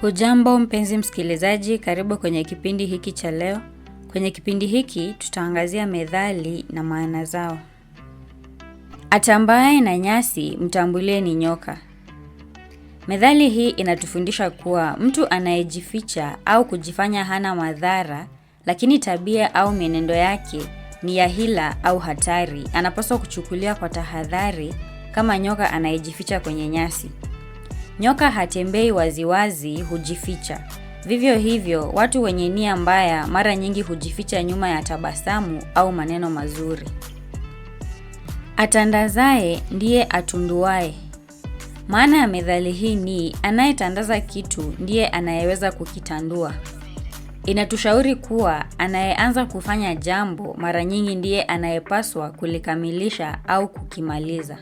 Hujambo mpenzi msikilizaji, karibu kwenye kipindi hiki cha leo. Kwenye kipindi hiki tutaangazia methali na maana zao. Atambaye na nyasi mtambulie ni nyoka. Methali hii inatufundisha kuwa mtu anayejificha au kujifanya hana madhara, lakini tabia au mienendo yake ni ya hila au hatari, anapaswa kuchukulia kwa tahadhari kama nyoka anayejificha kwenye nyasi. Nyoka hatembei waziwazi, hujificha. Vivyo hivyo, watu wenye nia mbaya mara nyingi hujificha nyuma ya tabasamu au maneno mazuri. Atandazaye ndiye atunduaye. Maana ya methali hii ni anayetandaza kitu ndiye anayeweza kukitandua. Inatushauri kuwa anayeanza kufanya jambo mara nyingi ndiye anayepaswa kulikamilisha au kukimaliza.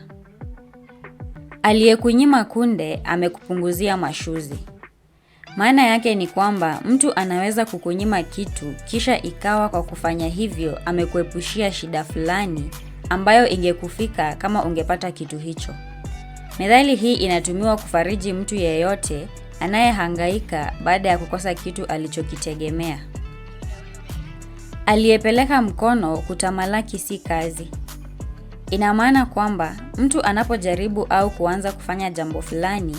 Aliyekunyima kunde amekupunguzia mashuzi. Maana yake ni kwamba mtu anaweza kukunyima kitu kisha ikawa kwa kufanya hivyo amekuepushia shida fulani ambayo ingekufika kama ungepata kitu hicho. Methali hii inatumiwa kufariji mtu yeyote anayehangaika baada ya kukosa kitu alichokitegemea. Aliyepeleka mkono kutamalaki si kazi. Ina maana kwamba mtu anapojaribu au kuanza kufanya jambo fulani,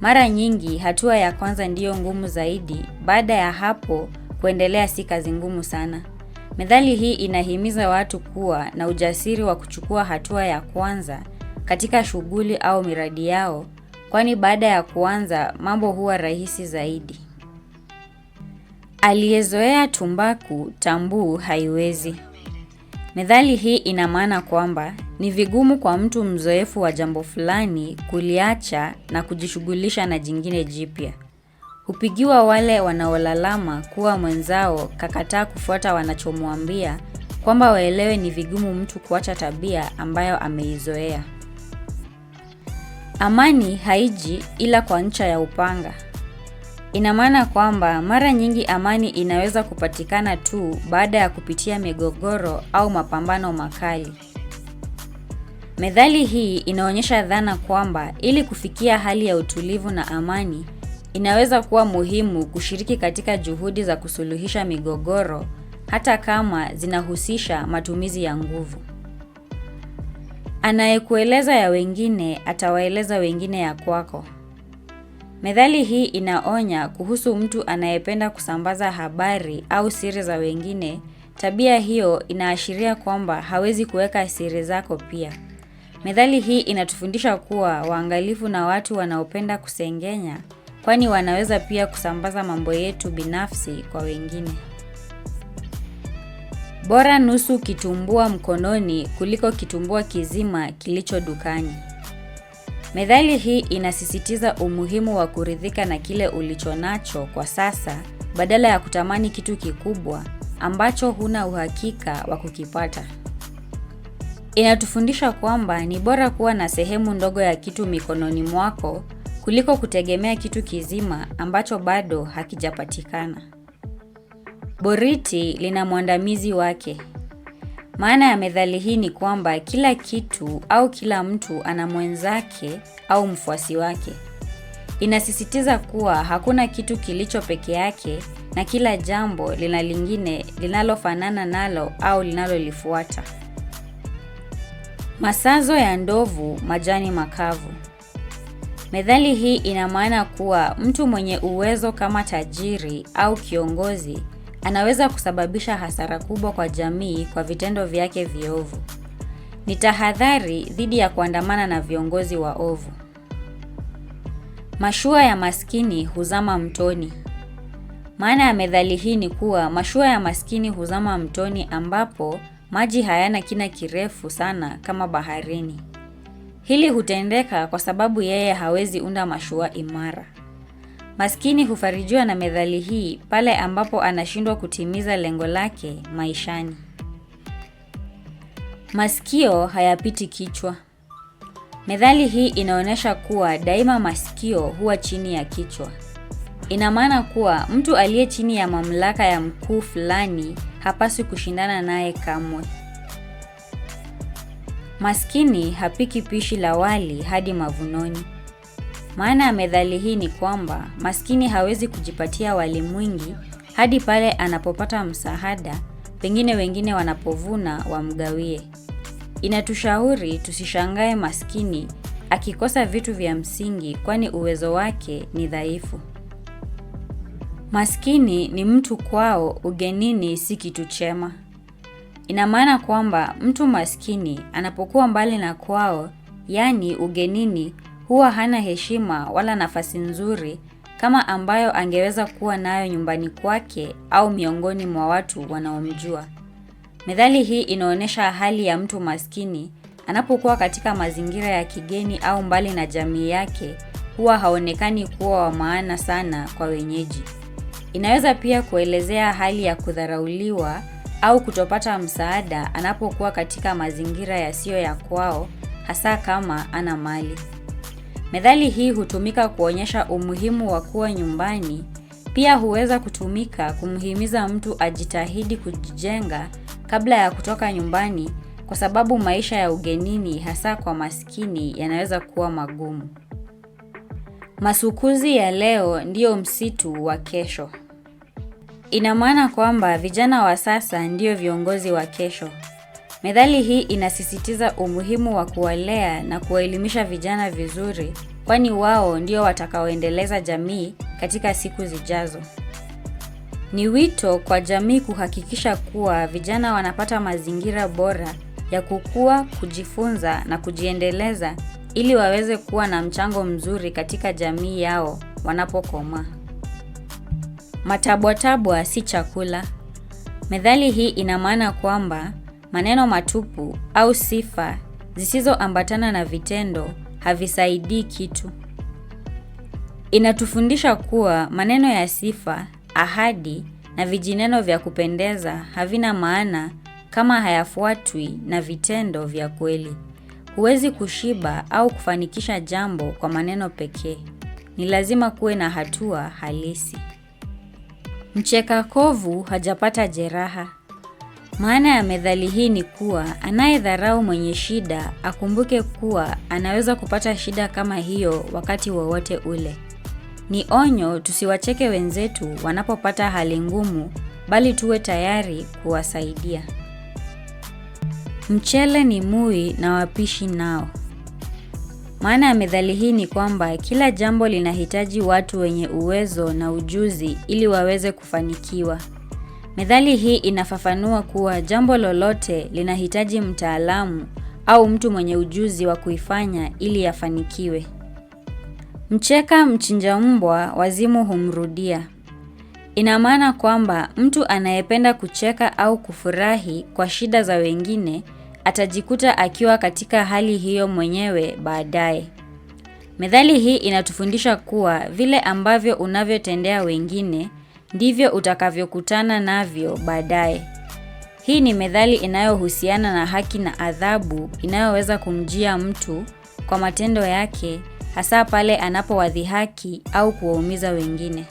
mara nyingi hatua ya kwanza ndiyo ngumu zaidi, baada ya hapo kuendelea si kazi ngumu sana. Methali hii inahimiza watu kuwa na ujasiri wa kuchukua hatua ya kwanza katika shughuli au miradi yao, kwani baada ya kuanza mambo huwa rahisi zaidi. Aliyezoea tumbaku tambuu haiwezi. Methali hii ina maana kwamba ni vigumu kwa mtu mzoefu wa jambo fulani kuliacha na kujishughulisha na jingine jipya. Hupigiwa wale wanaolalama kuwa mwenzao kakataa kufuata wanachomwambia kwamba waelewe ni vigumu mtu kuacha tabia ambayo ameizoea. Amani haiji ila kwa ncha ya upanga. Ina maana kwamba mara nyingi amani inaweza kupatikana tu baada ya kupitia migogoro au mapambano makali. Methali hii inaonyesha dhana kwamba ili kufikia hali ya utulivu na amani, inaweza kuwa muhimu kushiriki katika juhudi za kusuluhisha migogoro hata kama zinahusisha matumizi ya nguvu. Anayekueleza ya wengine atawaeleza wengine ya kwako. Methali hii inaonya kuhusu mtu anayependa kusambaza habari au siri za wengine. Tabia hiyo inaashiria kwamba hawezi kuweka siri zako pia. Methali hii inatufundisha kuwa waangalifu na watu wanaopenda kusengenya, kwani wanaweza pia kusambaza mambo yetu binafsi kwa wengine. Bora nusu kitumbua mkononi kuliko kitumbua kizima kilicho dukani. Methali hii inasisitiza umuhimu wa kuridhika na kile ulicho nacho kwa sasa badala ya kutamani kitu kikubwa ambacho huna uhakika wa kukipata. Inatufundisha kwamba ni bora kuwa na sehemu ndogo ya kitu mikononi mwako kuliko kutegemea kitu kizima ambacho bado hakijapatikana. Boriti lina mwandamizi wake. Maana ya methali hii ni kwamba kila kitu au kila mtu ana mwenzake au mfuasi wake. Inasisitiza kuwa hakuna kitu kilicho peke yake na kila jambo lina lingine linalofanana nalo au linalolifuata. Masazo ya ndovu majani makavu. Methali hii ina maana kuwa mtu mwenye uwezo kama tajiri au kiongozi anaweza kusababisha hasara kubwa kwa jamii kwa vitendo vyake viovu. Ni tahadhari dhidi ya kuandamana na viongozi waovu. Mashua ya maskini huzama mtoni. Maana ya methali hii ni kuwa mashua ya maskini huzama mtoni ambapo maji hayana kina kirefu sana kama baharini. Hili hutendeka kwa sababu yeye hawezi unda mashua imara. Maskini hufarijiwa na methali hii pale ambapo anashindwa kutimiza lengo lake maishani. Masikio hayapiti kichwa. Methali hii inaonyesha kuwa daima masikio huwa chini ya kichwa. Ina maana kuwa mtu aliye chini ya mamlaka ya mkuu fulani hapaswi kushindana naye kamwe. Maskini hapiki pishi la wali hadi mavunoni. Maana ya methali hii ni kwamba maskini hawezi kujipatia wali mwingi hadi pale anapopata msaada, pengine wengine wanapovuna wamgawie. Inatushauri tusishangae maskini akikosa vitu vya msingi, kwani uwezo wake ni dhaifu. Maskini ni mtu kwao ugenini si kitu chema. Ina maana kwamba mtu maskini anapokuwa mbali na kwao, yaani ugenini, huwa hana heshima wala nafasi nzuri kama ambayo angeweza kuwa nayo nyumbani kwake au miongoni mwa watu wanaomjua. Methali hii inaonyesha hali ya mtu maskini anapokuwa katika mazingira ya kigeni au mbali na jamii yake, huwa haonekani kuwa wa maana sana kwa wenyeji. Inaweza pia kuelezea hali ya kudharauliwa au kutopata msaada anapokuwa katika mazingira yasiyo ya kwao, hasa kama ana mali. Methali hii hutumika kuonyesha umuhimu wa kuwa nyumbani. Pia huweza kutumika kumhimiza mtu ajitahidi kujijenga kabla ya kutoka nyumbani kwa sababu maisha ya ugenini hasa kwa maskini yanaweza kuwa magumu. Masukuzi ya leo ndiyo msitu wa kesho. Ina maana kwamba vijana wa sasa ndio viongozi wa kesho. Methali hii inasisitiza umuhimu wa kuwalea na kuwaelimisha vijana vizuri, kwani wao ndio watakaoendeleza jamii katika siku zijazo. Ni wito kwa jamii kuhakikisha kuwa vijana wanapata mazingira bora ya kukua, kujifunza na kujiendeleza ili waweze kuwa na mchango mzuri katika jamii yao wanapokomaa. Matabwatabwa si chakula. Methali hii ina maana kwamba maneno matupu au sifa zisizoambatana na vitendo havisaidii kitu. Inatufundisha kuwa maneno ya sifa, ahadi na vijineno vya kupendeza havina maana kama hayafuatwi na vitendo vya kweli. Huwezi kushiba au kufanikisha jambo kwa maneno pekee. Ni lazima kuwe na hatua halisi. Mcheka kovu hajapata jeraha. Maana ya methali hii ni kuwa anayedharau mwenye shida akumbuke kuwa anaweza kupata shida kama hiyo wakati wowote ule. Ni onyo tusiwacheke wenzetu wanapopata hali ngumu, bali tuwe tayari kuwasaidia. Mchele ni mui na wapishi nao. Maana ya methali hii ni kwamba kila jambo linahitaji watu wenye uwezo na ujuzi ili waweze kufanikiwa. Methali hii inafafanua kuwa jambo lolote linahitaji mtaalamu au mtu mwenye ujuzi wa kuifanya ili yafanikiwe. Mcheka mchinja mbwa, wazimu humrudia. Ina maana kwamba mtu anayependa kucheka au kufurahi kwa shida za wengine atajikuta akiwa katika hali hiyo mwenyewe baadaye. Methali hii inatufundisha kuwa vile ambavyo unavyotendea wengine ndivyo utakavyokutana navyo baadaye. Hii ni methali inayohusiana na haki na adhabu inayoweza kumjia mtu kwa matendo yake, hasa pale anapowadhihaki au kuwaumiza wengine.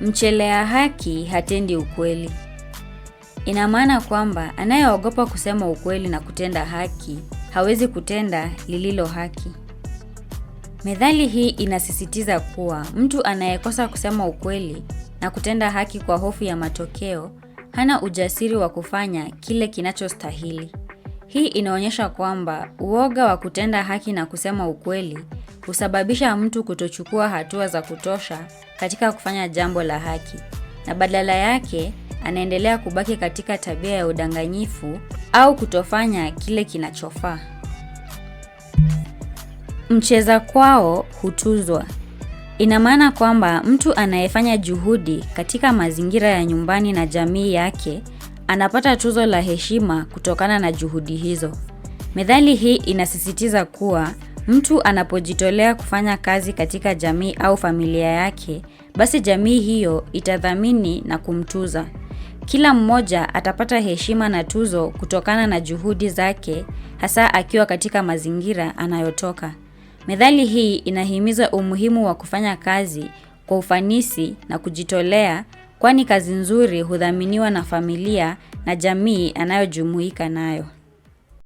Mchelea haki hatendi ukweli. Ina maana kwamba anayeogopa kusema ukweli na kutenda haki hawezi kutenda lililo haki. Methali hii inasisitiza kuwa mtu anayekosa kusema ukweli na kutenda haki kwa hofu ya matokeo hana ujasiri wa kufanya kile kinachostahili. Hii inaonyesha kwamba uoga wa kutenda haki na kusema ukweli husababisha mtu kutochukua hatua za kutosha katika kufanya jambo la haki na badala yake anaendelea kubaki katika tabia ya udanganyifu au kutofanya kile kinachofaa. Mcheza kwao hutuzwa. Ina maana kwamba mtu anayefanya juhudi katika mazingira ya nyumbani na jamii yake anapata tuzo la heshima kutokana na juhudi hizo. Methali hii inasisitiza kuwa mtu anapojitolea kufanya kazi katika jamii au familia yake, basi jamii hiyo itathamini na kumtuza. Kila mmoja atapata heshima na tuzo kutokana na juhudi zake, hasa akiwa katika mazingira anayotoka. Methali hii inahimiza umuhimu wa kufanya kazi kwa ufanisi na kujitolea, kwani kazi nzuri hudhaminiwa na familia na jamii anayojumuika nayo.